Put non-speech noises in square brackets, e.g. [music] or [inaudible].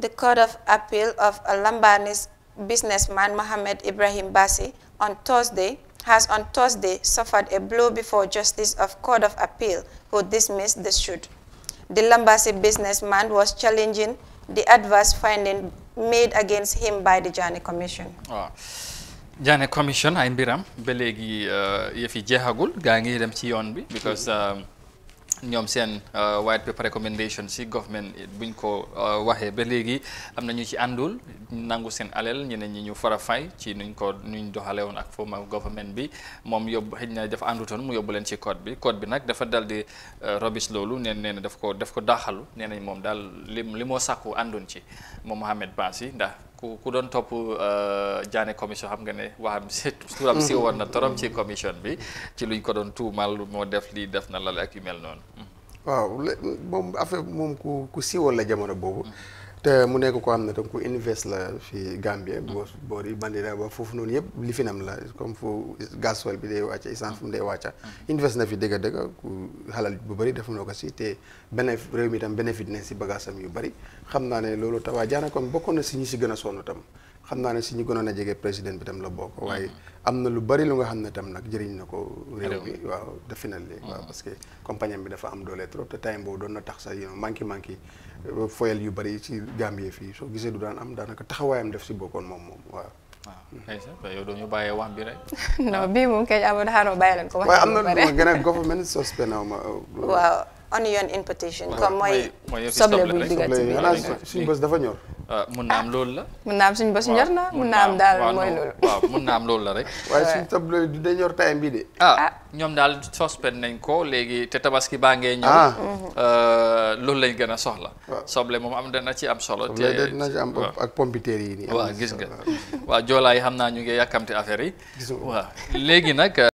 The Court of Appeal of Lambanis businessman Mohamed Ibrahim Bassi on Thursday has on Thursday suffered a blow before Justice of Court of Appeal who dismissed the suit. The Lambasi businessman was challenging the adverse finding made against him by the Jani Commission. waaw ah. Jani Commission ay mbiram ba léegi euh, yëf yi jeexagul gaa ngi dem ci yoon bi because um, ñoom seen euh, white paper recommendation si government buñ ko euh, waxee ba léegi am na ñu ci àndul nangu seen alal ñeneen ñi ñu fara fay ci nuñ ko nuñ doxale woon ak former government bi moom yóbbu xëy na dafa àndutoon mu yóbbu leen ci code bi code bi nag dafa dal di euh, loolu neen nee na daf ko daf ko daaxalu nee nañ moom daal li li moo sàkku àndoon ci moom Mohamed Bassey ndax ku ku doon topp jaane euh, commission xam nga ne waxam si turam si woon na toroom ci commission bi ci luñ ko doon tuumal moo def lii def na lal ak yu mel noonu. waaw moom affaire moom ku ku siiwoon la jamono boobu. Mm. te mu nekk ko am ne donc ku invest la fi Gambie. boo boor yi Bandiraa ba foofu noonu yëpp li fi nam la comme fu gasoil bi day wàcca essence fu mu day wàcca mm-hmm. invest na fi dëgg dëgg ku xalal bu bëri def na ko si te bénéf réew mi tam bénéfice ne si bagaasam yu bëri xam naa ne loolu tawaa jaana kon bokkoon na si ñu si gën a sonn tam xam naa ne si ñu gënoon a jege président bi tam la bokk mm-hmm. waaye am na lu bari lu nga xam ne tam nag jëriñ na ko réew bi waaw definitely mm-hmm. waaw parce que compagnie bi dafa am doole trop te time doon na tax sax you know manqué euh, yu bari ci Gambie fii soo gisee du daan am daanaka taxawaayam def si bokkoon moom moom waaw ah, wax bi rek. [laughs] non bii moom kay amul xaaral a government suspend aw ma. Euh, waaw onion importation. comme mooy soble bu ñu diggante bës dafa ñor. ah mun naa am loolu la. Ah, mun naa am suñu bës ñor na. mun na am daal mooy loolu. waaw mun na am loolu la rek. [laughs] waaye suñu tableau du dee ñor time bi de. ah, ah. ñoom daal suspend nañ ko léegi te tabaski baa ngee ñëw. Ah. loolu lañ gën a soxla. soble moom am dana ci am solo. te dina ci am ak pompiteer yi nii. waaw gis nga waaw joolaa yi xam naa ñu ngi yàkkamti affaire yi. waaw léegi nag.